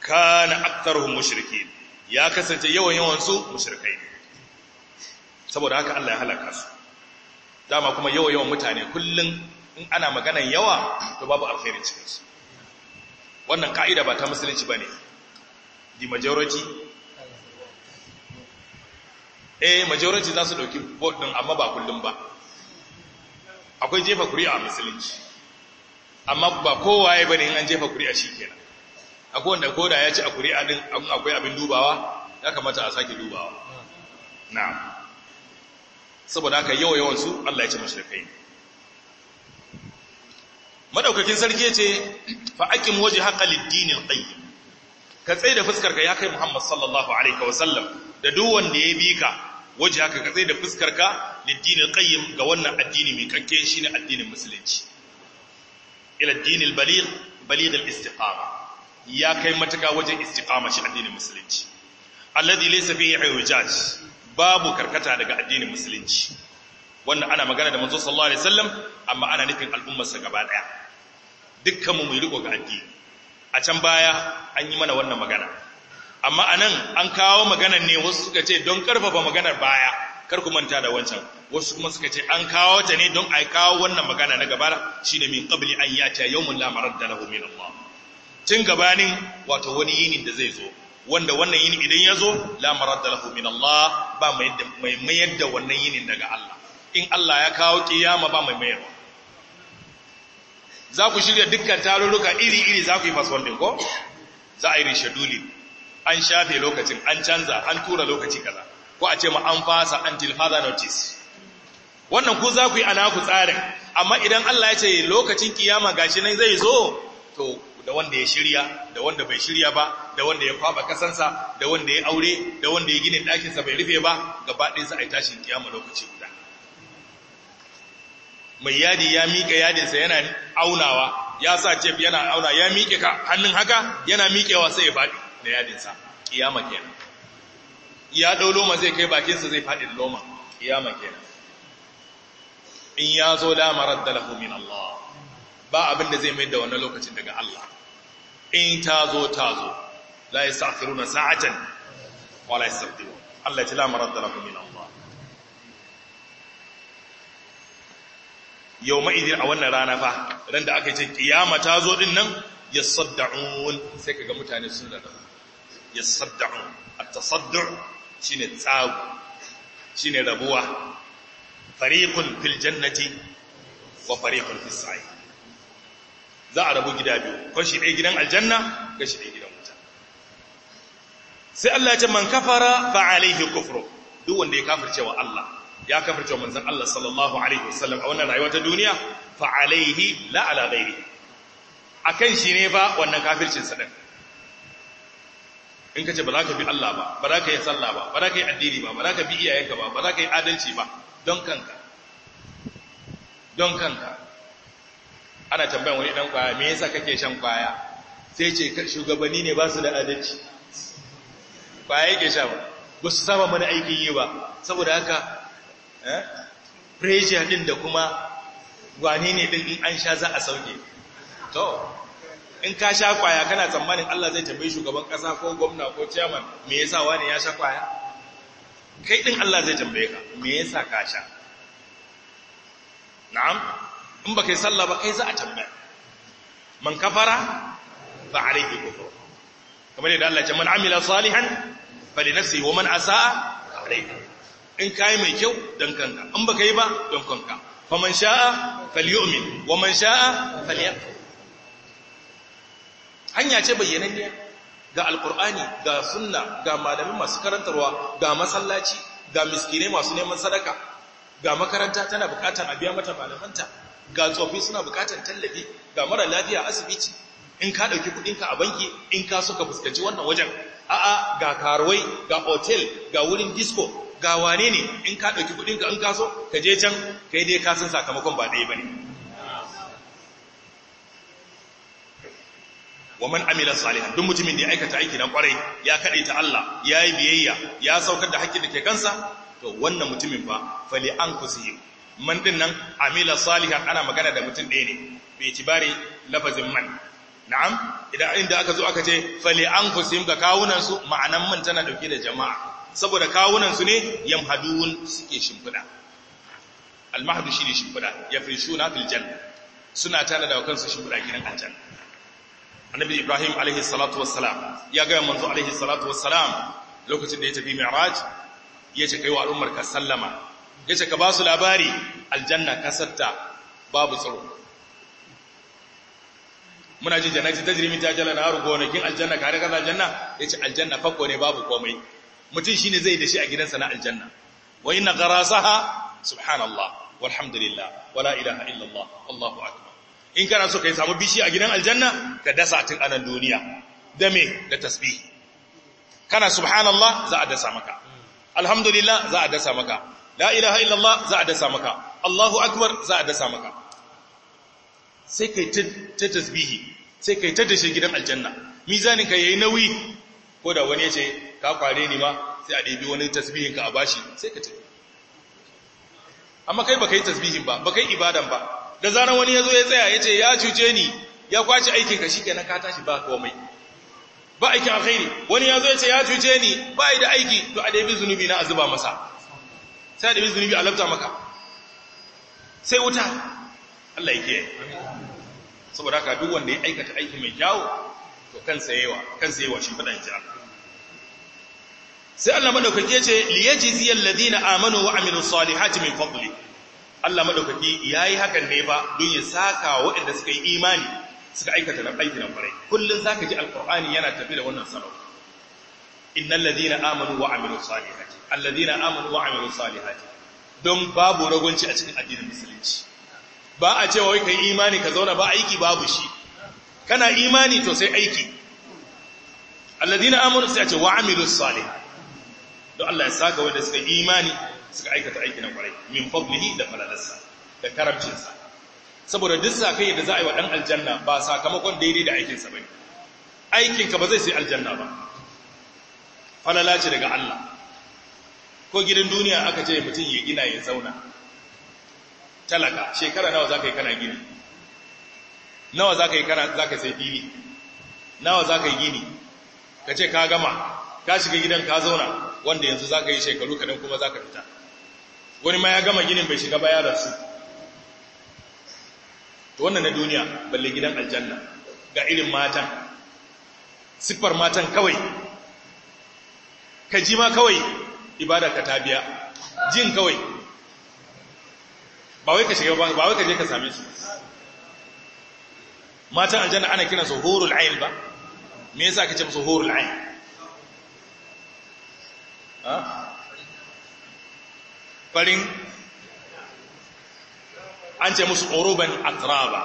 Speaker 2: kana aktharuhum mushrikin ya kasance yawan yawan su mushrikai saboda haka Allah ya halaka su dama kuma yawan yawan mutane kullun in ana maganan yawa to babu alkhairi cikin su wannan ka'ida ba ta musulunci bane di majority eh majority za su dauki vote din amma ba kullun ba akwai jefa kuri'a musulunci amma ba kowaye bane in an jefa kuri'a shikenan akwai wanda koda ya ci a kuri'a din akwai abin dubawa ya kamata a sake dubawa na saboda haka yawa yawan su Allah ya ce mushrikai madaukakin sarki ce fa'akin waje wajhaka lid-din al ka tsaye da fuskar ka ya kai Muhammad sallallahu alaihi wa sallam da duk wanda ya bi ka waje haka ka tsaye da fuskar ka lid-din ga wannan addini mai kakke ne addinin musulunci ila ad-din al-baligh baligh ya kai matuka wajen istiqama shi addinin musulunci alladhi laysa fihi hujaj babu karkata daga addinin musulunci wannan ana magana da manzo sallallahu alaihi wasallam amma ana nufin al'ummarsa gaba daya dukkan mu mu riko ga addini a can baya an yi mana wannan magana amma anan an kawo maganar ne wasu suka ce don karfafa maganar baya kar ku manta da wancan wasu kuma suka ce an kawo ta ne don ai kawo wannan magana na gaba shine min qabli an yata yawmun la maradda lahu min Allah tun gabanin wato wani yini da zai zo wanda wannan yini idan ya zo la maradda lahu min Allah ba mai mayar da wannan yinin daga Allah in Allah ya kawo kiyama ba mai mayarwa za ku shirya dukkan tarurruka iri-iri za ku yi ɗin ko za a yi rishaduli an shafe lokacin an canza an tura lokaci kaza ko a ce ma an fasa until further notice wannan ku za ku yi ana ku tsarin amma idan Allah ya ce lokacin kiyama gashi nan zai zo to da wanda ya shirya da wanda bai shirya ba da wanda ya kwaba kasansa da wanda ya aure da wanda ya gina ɗakinsa bai rufe ba gaba ɗinsa a yi tashin kiyama lokaci guda mai yadi ya miƙe yadinsa yana aunawa ya sa ce yana auna ya miƙe ka hannun haka yana miƙewa sai ya faɗi da yadinsa kiyama kenan ya ɗau loma zai kai bakinsa zai faɗi loma kiyama kenan in ya zo la maradda lahu min Allah ba abin da zai mai da wannan lokacin daga Allah in ta zo ta zo la yastakhiruna sa'atan wa la yastaqdimu Allah ya la maradda lakum min Allah yau idin a wannan rana fa ran da aka ce kiyama ta zo din nan yasaddaun sai kaga mutane sun da yasaddaun at-tasaddu shine tsago shine rabuwa fariqun fil jannati wa fariqun fis sa'ir za a rabu gida biyu kashi ɗaya gidan aljanna kashi ɗaya gidan wuta sai Allah ya ce man kafara fa alaihi kufru duk wanda ya kafirce wa Allah ya kafirce wa manzon Allah sallallahu alaihi wasallam a wannan rayuwar ta duniya fa alaihi la ala ghairi akan shi ne ba wannan kafircin sa din in ka ce ba za ka bi Allah ba ba za ka yi sallah ba ba za ka yi addini ba ba za ka bi iyayenka ba ba za ka yi adalci ba don kanka don kanka ana tambayan wani dan kwaya me yasa kake shan kwaya sai ce shugabanni ne ba su da adalci kwaya yake sha ba ba su saba mana aikin yi ba saboda haka eh, pressure din da kuma gwani ne din in an sha za a sauke to in ka sha kwaya kana tsammanin Allah zai tambayi shugaban kasa ko gwamna ko chairman me yasa wani ya sha kwaya kai din Allah zai tambaye ka me yasa ka sha na'am in ba kai sallah ba kai eh, za a tambaya man kafara fa alaihi kufur kamar yadda Allah ya ce man amila salihan fali nafsi wa man asaa alaihi in kai mai kyau dan kanka in ba kai ba dan kanka man sha'a falyu'min wa man sha'a falyakfur hanya ce ne ga alkur'ani ga sunna ga malamin masu karantarwa ga masallaci ga miskine masu neman sadaka ga makaranta tana bukatar a biya mata malamanta ga tsofi suna bukatar tallafi ga mara lafiya asibiti in ka ɗauki kuɗinka a banki in ka suka fuskanci wannan wajen a'a ga karuwai ga otel ga wurin disco ga wane ne in ka ɗauki kuɗinka in ka so ka je can kai dai ka san sakamakon ba ɗaya ba ne wa man amila salihan duk mutumin da ya aikata aiki na kwarai ya ta Allah ya yi biyayya ya saukar da hakkin da ke kansa to wannan mutumin fa fali an kusihi man din nan amila salihan ana magana da mutum ɗaya ne bai bari lafazin man na'am idan inda aka zo aka ce fali fusim ga kawunan su ma'anan man tana dauke da jama'a saboda kawunan su ne yamhadun suke shimfida almahdu ne shimfida yafrishuna fil janna suna tana da kansu shimfida gidan aljanna annabi ibrahim alaihi salatu wassalam ya ga manzo alaihi salatu wassalam lokacin da ya tafi mi'raj ya ce kai wa al'ummar ka sallama yace ka ba su labari aljanna kasarta babu tsaro muna jin ta jirimi ta jala al-anhar gonakin aljanna ka har kaza aljanna yace aljanna fakko ne babu komai mutum shi ne zai da shi a gidansa na aljanna wa inna gharasaha subhanallah walhamdulillah wala ilaha illallah allahu akbar in kana so kai samu bishi a gidan aljanna ka dasa tun anan duniya da me da tasbih kana subhanallah za a dasa maka alhamdulillah za a dasa maka la ilaha illallah za a dasa maka Allahu akbar za a dasa maka sai kai ta tasbihi sai kai ta dashe gidan aljanna mizanin ka yayi nauyi ko da wani ya ce ka kware ni ma sai a ɗebi wani tasbihin ka a bashi sai ka tafi amma kai baka yi tasbihin ba baka yi ibadan ba da zaran wani ya zo ya tsaya ya ce ya cuce ni ya kwace aikin ka kenan ka tashi ba komai ba aikin alkhairi wani ya zo ya ce ya cuce ni ba yi da aiki to a ɗebi zunubi na azuba masa sai da zunubi a lafta maka sai wuta Allah ya kiyaye saboda haka duk wanda ya aikata aiki mai kyawo to kansa yawa kansa yawa shi fadan jira sai Allah madaukake ce liyajziyal ladina amanu wa amilus salihati min fadli Allah madaukaki yayi hakan ne ba don ya saka waɗanda suka yi imani suka aikata na aiki na kwarai kullun zaka ji alqur'ani yana tafi da wannan sarau innal ladina amanu wa amilus salihati alladina amanu wa amilus salihati don babu ragunci a cikin addinin musulunci ba a cewa wai kai imani ka zauna ba aiki babu shi kana imani to sai aiki alladina amanu sai a ce wa amilus salihati don Allah ya saka wanda suka imani suka aikata aikin na kwarai min fadlihi da falalassa. da karamcinsa saboda duk sakai da za a yi wa dan aljanna ba sakamakon daidai da aikinsa bane aikinka ba zai sai aljanna ba falala ce daga Allah ko gidan duniya aka ce mutum ya gina ya zauna talaka shekara nawa za ka yi kana gini nawa za ka yi kana za ka sai fili nawa za ka yi gini ka ce ka gama ka shiga gidan ka zauna wanda yanzu za ka yi shekaru kaɗan kuma za ka fita wani ma ya gama ginin bai shiga ba ya rasu to wannan na duniya balle gidan aljanna ga irin matan siffar matan kawai ka ji ma kawai ibada ka ta biya jin kawai ba wai ka shiga ba wai ka je ka same su matan aljanna ana kiran su hurul ayn ba me yasa kace musu hurul ayn ha farin an ce musu uruban atraba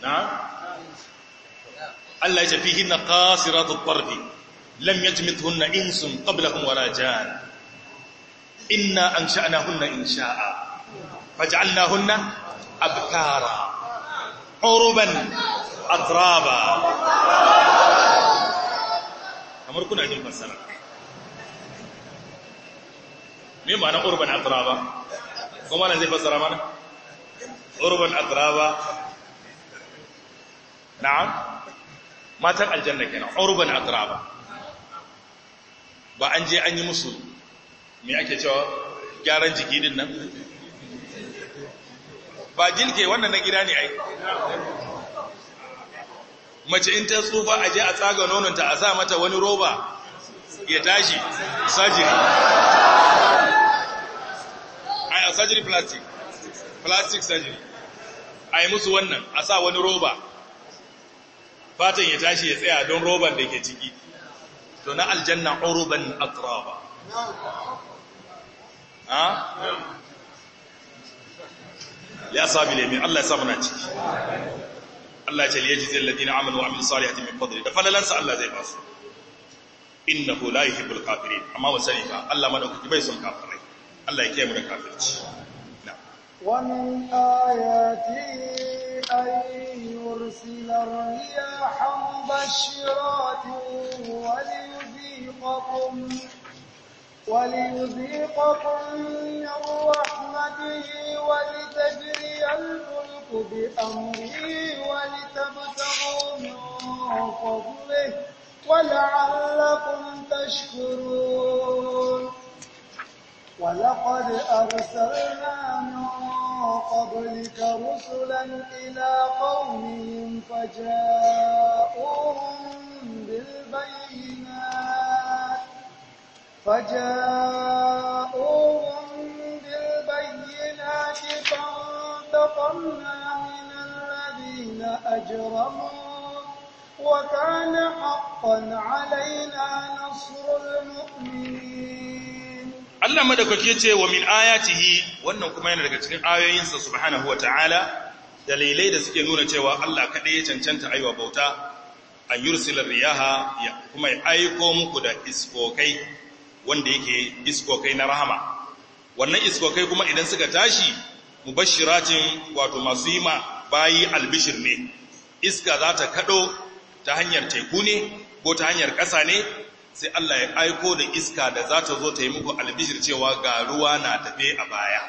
Speaker 2: na Allah ya ce fihinna qasiratu tarfi لم يجمدهن إنس قبلهم ولا جان إنا أنشأناهن إن شاء فجعلناهن أبكارا عربا أطرابا أمر كنا أجل فسرة مين معنى عربا أطرابا كما نزل فسرة معنى عربا أطرابا نعم ما تقع الجنة كنا عربا أطرابا ba an je an yi musu mai ake cewa gyaran jiki din nan ba jilke wannan na gida ne ai mace in ta tsufa a je a tsaga nononta a sa mata wani roba ya tashi surgery. ai a surgery plastic plastic surgery. a yi musu wannan a sa wani roba fatan ya tashi ya tsaya don roban da ke ciki to na aljanna uruban atraba ha ya sabi lemi Allah ya samu na ciki Allah ya ce liyaji zai ladina amalu wa amin salihati min fadli da falalansa Allah zai ba basu innahu la yuhibbul kafirin amma wa sani ka Allah ma madaukaki bai son kafirai Allah ya kiyaye mu da kafirci
Speaker 1: na wa min ayati ay ليرسل الرياح مبشرات وليذيقكم وليذيقكم من رحمته ولتجري الفلك بأمره ولتبتغوا من فضله ولعلكم تشكرون ولقد أرسلنا من قبلك رسلا إلى قومهم فجاءوهم بالبينات فجاءوهم بالبينات فانتقمنا من الذين أجرموا وكان حقا علينا نصر المؤمنين
Speaker 2: Allah madaukake ce wa min ayatihi wannan kuma yana daga cikin ayoyinsa subhanahu wataala dalilai da suke nuna cewa Allah kaɗai ya cancanta aiwa bauta an yursil riyaha ya kuma ya aiko muku da iskokai wanda yake iskokai na rahama wannan iskokai kuma idan suka tashi mubashiratin wato masu yi ma bayi albishir ne iska za ta kado ta hanyar teku ne ko ta hanyar ƙasa ne sai Allah ya aiko da iska da za ta zo ta yi muku albishir cewa ga ruwa na tafe a baya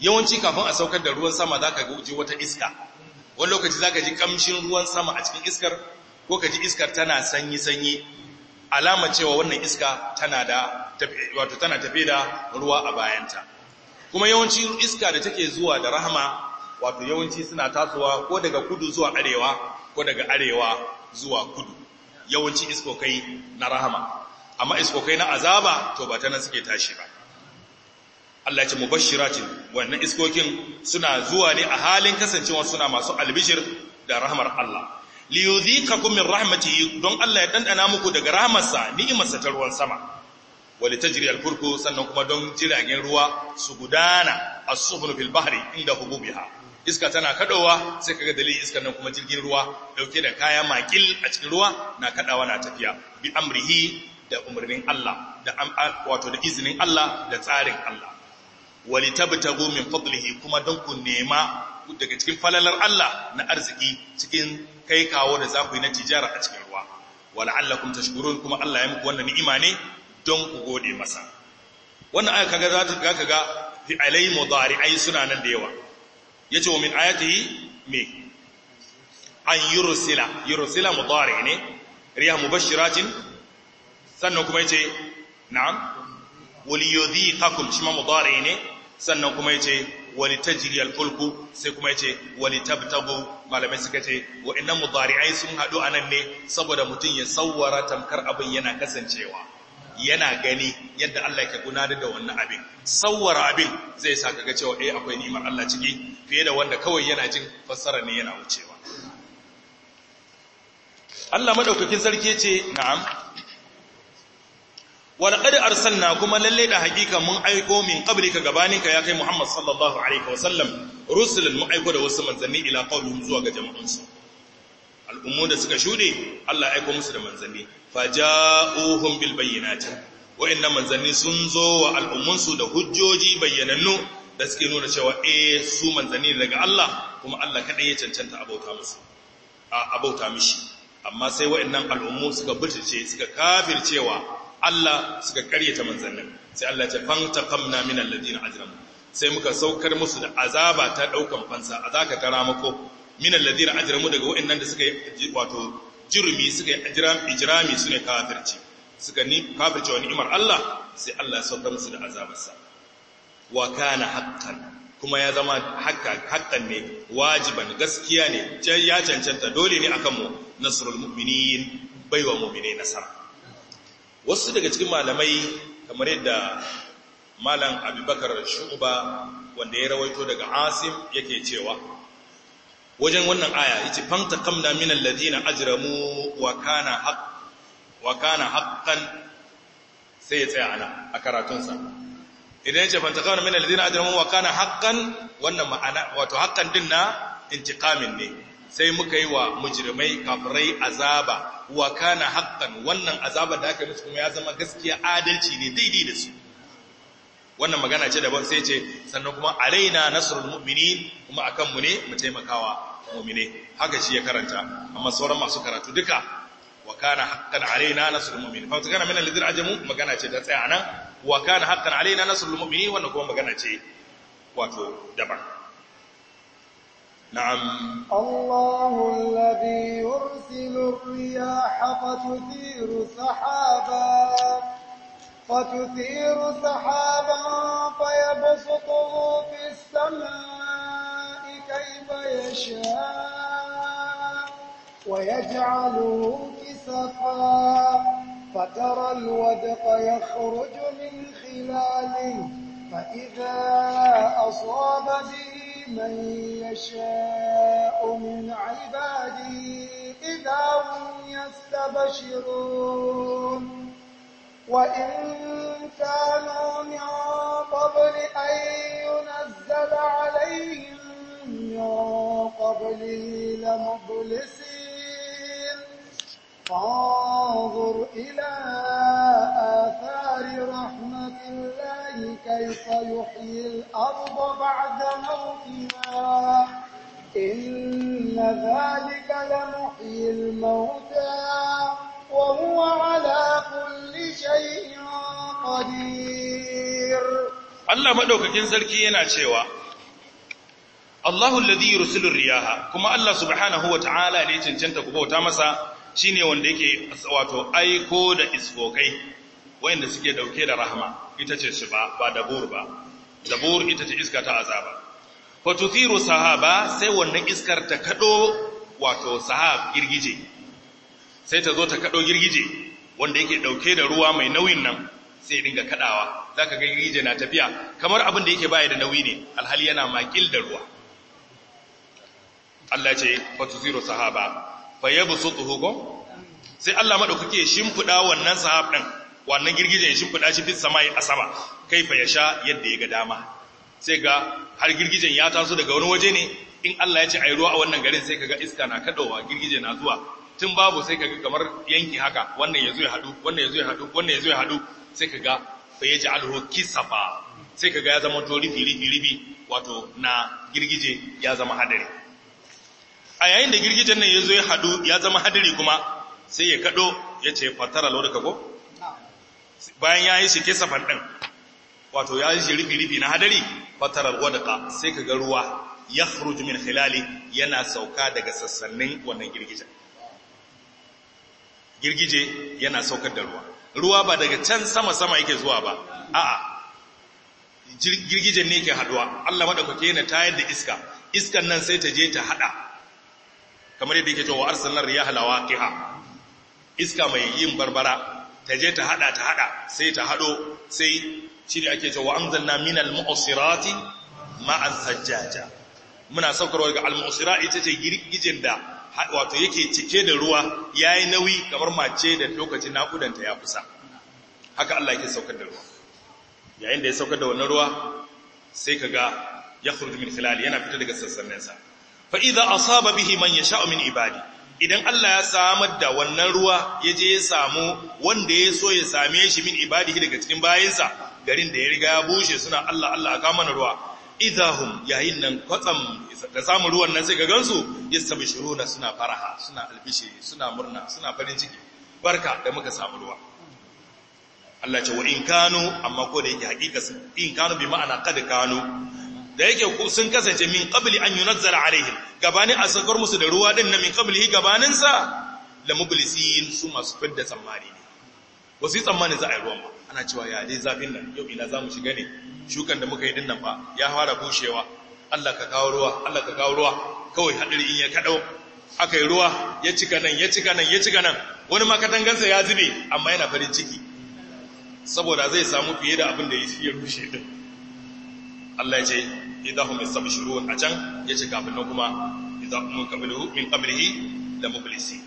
Speaker 2: yawanci kafin a saukar da ruwan sama za ka guji wata iska wani lokaci za ka ji kamshin ruwan sama a cikin iskar ko ka ji iskar tana sanyi-sanyi alama cewa wannan iska tana tafe da ruwa a bayanta kuma yawanci iska da take zuwa da rahama wato yawanci suna tasowa ko daga kudu zuwa arewa ko daga arewa zuwa kudu yawanci iskokai na rahama amma iskokai na azaba to ba ta nan suke tashi ba Allah ce mubashiratin wannan iskokin suna zuwa ne a halin kasancewa suna masu albishir da rahmar Allah li yudhikakum min rahmatihi don Allah ya dandana muku daga rahmarsa ni'imarsa ta ruwan sama wali tajri al-fulku sannan kuma don jiragen ruwa su gudana as-subnu fil bahri inda hububiha iska tana kadowa sai kaga dalilin iskar nan kuma jirgin ruwa dauke da kaya makil a cikin ruwa na kadawa na tafiya bi amrihi da umarnin Allah da wato da izinin Allah da tsarin Allah walitabtagu min fadlihi kuma don ku nema daga cikin falalar Allah na arziki cikin kai kawo da za ku yi na tijara a cikin ruwa wala'allakum tashkurun kuma Allah ya muku wannan ni'ima ne don ku gode masa wannan aya kaga za ta kaga fi alai mudari'ai suna nan da yawa ya ce wa min ayatihi me an Yurusila yurusila mudari ne riya mubashiratin sannan kuma ya ce na'am wali yudhiqakum shi ma mudari ne sannan kuma ya ce wali ta jiriyar fulku sai kuma ya ce wali tabtagu malamai suka ce wa'annan ai sun hadu nan ne saboda mutum ya sauwara tamkar abin yana kasancewa yana gani yadda Allah ke gudanar da wannan abin sawwara abin zai sa kaga cewa eh akwai ni'imar Allah ciki fiye da wanda kawai yana jin fassara ne yana wucewa Allah madaukakin sarki ce na'am walaqad arsalna kuma lalle da hakika mun aiko min qablika gabaninka ya kai Muhammad sallallahu alaihi wasallam rusulun mun aiko da wasu manzanni ila qaumihim zuwa ga jama'ansu al'ummu da suka shuɗe, Allah aiko musu da manzanni faja'uhum bil bayyinati wa'annan manzanni sun zo wa al'ummunsu da hujjoji bayyanannu da suke nuna cewa eh su manzanni daga Allah kuma Allah kadai ya cancanta abauta musu a mishi amma sai nan al'ummu suka butulce suka kafircewa Allah suka karyata manzannin sai Allah ya ce fantaqamna minal ladina ajramu sai muka saukar musu da azaba ta ɗaukan fansa azaka ramako. min alladhina ajramu daga wa'annan da suka yi wato jirmi suka yi ijrami sune ne kafirci suka ni kafirci wa imar Allah sai Allah ya sauka musu da azabarsa wa kana haqqan kuma ya zama haqqan ne wajiban gaskiya ne ya cancanta dole ne akan mu nasrul mu'minin baiwa mu'mine nasara wasu daga cikin malamai kamar yadda malam abubakar shu'uba wanda ya rawaito daga asim yake cewa wajen wannan aya yace fanta kamna min alladhina ajramu wa kana haqq wa kana haqqan sai ya tsaya ana a karatunsa idan yace fanta kamna min alladhina ajramu wa kana haqqan wannan ma'ana wato haqqan din na intiqamin ne sai muka yi wa mujrimai kafirai azaba wa kana haqqan wannan azaba da aka musu kuma ya zama gaskiya adalci ne daidai da su wannan magana ce daban sai ce sannan kuma alaina nasrul mu'minin kuma akan mu ne mu taimakawa mu'mine haka shi ya karanta amma sauran masu karatu duka wa kana haqqan alaina nasrul mu'minin fa kana min alladhina ajamu magana ce da tsaya nan wa kana haqqan alaina nasrul mu'minin wannan kuma magana ce wato daban نعم
Speaker 1: الله الذي يرسل الرياح فتثير سحابا فتثير سحابا فيبقى يشاء ويجعله كسفا فترى الودق يخرج من خلاله فإذا أصاب به من يشاء من عباده إذا هم يستبشرون وإن كانوا من قبل أن ينزل عليهم قبله لمبلسين فانظر إلى آثار رحمة الله كيف يحيي الأرض بعد موتها إن ذلك لمحيي الموتى وهو على كل شيء قدير
Speaker 2: Allah maɗaukakin sarki yana cewa Allahu alladhi yursilu riyaha kuma Allah subhanahu wataala ne cancanta ku bauta masa shine wanda yake wato aiko da isfokai wanda suke dauke da rahama ita ce shi ba ba dabur ba dabur ita ce iska ta azaba fa tuthiru sahaba sai wannan iskar ta kado wato sahab girgije sai ta zo ta kado girgije wanda yake dauke da ruwa mai nauyin nan sai ya dinga kadawa zaka ga girgije na tafiya kamar abin da yake baya da nauyi ne alhali yana makil da ruwa Allah ce fatuziru sahaba fayyabsutuhu ko sai Allah madaukake ya shimfida wannan sahab din wannan girgije ya shimfida shi fi samai a sama Kai kaifa sha yadda ya ga dama sai ga har girgijen ya taso daga wani waje ne in Allah ya ce ayi ruwa a wannan garin sai kaga iska na kadowa girgije na zuwa tun babu sai kaga kamar yanki haka wannan yazo ya hadu wannan yazo ya hadu wannan yazo ya hadu sai kaga fayaj'aluhu kisafa sai kaga ya zama to rifi rifi wato na girgije ya zama hadari a yayin da girgijen nan ya zo ya hadu ya zama hadiri kuma sai ya kado ya ce fatara lorika kago bayan ya yi shi ke safan ɗin wato ya yi shi ribi rufi na hadari fatarar wadaka sai ka ga ruwa ya furutu min hilali yana sauka daga sassanin wannan girgije girgije yana saukar da ruwa ruwa ba daga can sama-sama yake zuwa ba a'a girgijen ne ke haduwa Allah madaukake yana tayar da iska iskan nan sai ta je ta hada kamar yadda yake cewa ya riyah lawaqiha iska mai yin barbara ta je ta hada ta hada sai ta hado sai shine ake cewa anzalna minal mu'sirati ma'an sajjaja muna saukarwa ga al-mu'sira ita ce girgijin da wato yake cike da ruwa yayi nauyi kamar mace da lokacin nakudanta ya kusa haka Allah yake saukar da ruwa yayin da ya saukar da wannan ruwa sai kaga yakhruju min khilali yana fita daga sassanensa fa idza asaba bihi man yasha'u min ibadi idan Allah ya samar da wannan ruwa ya je ya samu wanda ya so ya same shi min ibadihi daga cikin bayinsa garin da ya riga ya bushe suna Allah Allah ka mana ruwa idahum yayin nan kwatsam da samun ruwan nan sai ga gansu yastabshiruna suna faraha suna albishi suna murna suna farin ciki barka da muka samu ruwa Allah ce wa in kanu amma ko da yake hakika in kanu bi ma'ana kad kanu da yake sun kasance min qabli an yunzala alaihim gabanin a sakar musu da ruwa din na min qablihi gabanin sa la mublisin su masu fidda tsammani ne wasu yi tsammanin za a yi ruwan ba ana cewa ya dai zafin nan yau ina zamu shiga ne shukan da muka yi din nan ba ya fara bushewa Allah ka kawo ruwa Allah ka kawo ruwa kawai hadiri in ya kadau aka yi ruwa ya cika nan ya cika nan ya cika nan wani sa ya zube amma yana farin ciki saboda zai samu fiye da abin da ya rushe din Allah ya ce idahum yastabshirun a can ya ce kafin nan kuma idahum min qablihi min qablihi la mublisi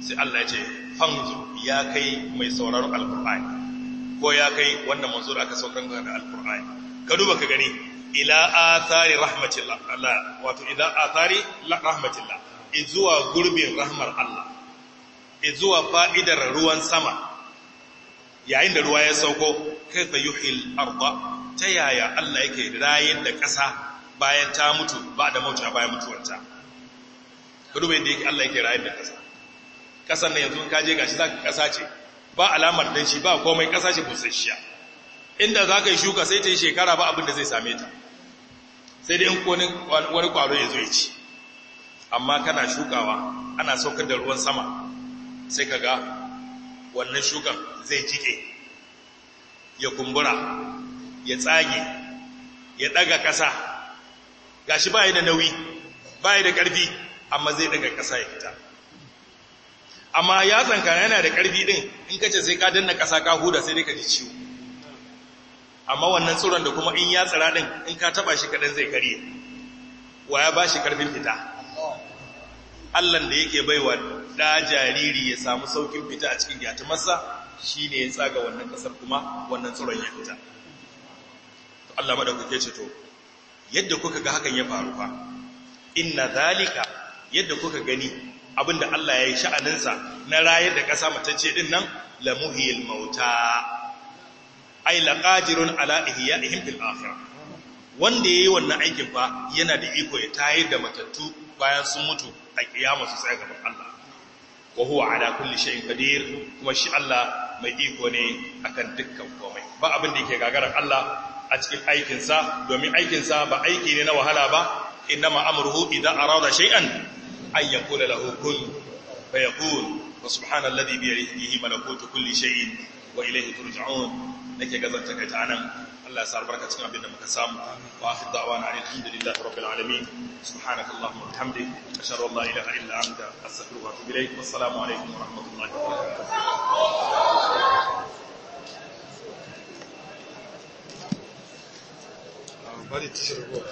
Speaker 2: sai Allah ya ce fanzu ya kai mai sauraron alqur'ani ko ya kai wanda manzur aka saukar da alqur'ani ka duba ka gani ila athari rahmatillah Allah wato ila athari rahmatillah izuwa gurbin rahmar Allah izuwa fa'idar ruwan sama yayin da ruwa ya sauko kai kaifa yuhil arda ta yaya Allah yake rayin da ƙasa bayan ta mutu ba da mauta bayan mutuwarta ka duba yadda Allah yake rayin da ƙasa ƙasar na yanzu ka je gashi za ka ƙasa ce ba alamar shi ba komai ƙasa ce busasshiya inda za ka yi shuka sai ta yi shekara ba abin da zai same ta sai dai wani kwaro ya zo ya ci amma kana shukawa ana saukar da ruwan sama sai ka ga wannan shukan zai jike ya kumbura ya tsage ya daga ƙasa gashi ba da nauyi ba da ƙarfi amma zai daga ƙasa ya fita amma ya ka yana da ƙarfi ɗin in ka sai ka danna kasa ka huda sai dai ka ji ciwo amma wannan tsoron da kuma in ya tsira din, in ka taɓa shi kaɗan zai karye wa ya ba shi fita allah da yake baiwa ɗa jariri ya samu saukin fita a cikin yatimarsa, shine ya tsaga wannan ƙasar kuma wannan tsoron ya fita Allah madaukake ce to yadda kuka ga hakan ya faru fa inna zalika yadda kuka gani abinda Allah ya yi sha'aninsa na rayar da ƙasa matacce din nan la muhyil mauta ay la qadirun ala ihya'ihim bil akhirah wanda yayi wannan aikin fa yana da iko ya tayar da matattu bayan sun mutu a kiyama su tsaya gaban Allah wa huwa ala kulli shay'in qadir kuma shi Allah mai iko ne akan dukkan komai ba abin da yake gagarar Allah a cikin aikinsa domin aikinsa ba aiki ne na wahala ba inna ma'amurhu idan arada shay'an an yaqula lahu kun fayakun wa subhanallazi bi yadihi malakutu kulli shay'in wa ilayhi turja'un ke gazanta kai ta nan Allah ya sa albarka cikin abin da muka samu wa akhir da'wana alhamdulillahi rabbil alamin subhanaka allahumma wa bihamdika ashhadu an la ilaha illa anta astaghfiruka wa atubu ilayk wassalamu alaikum wa rahmatullahi wa barakatuh
Speaker 1: 管理过构。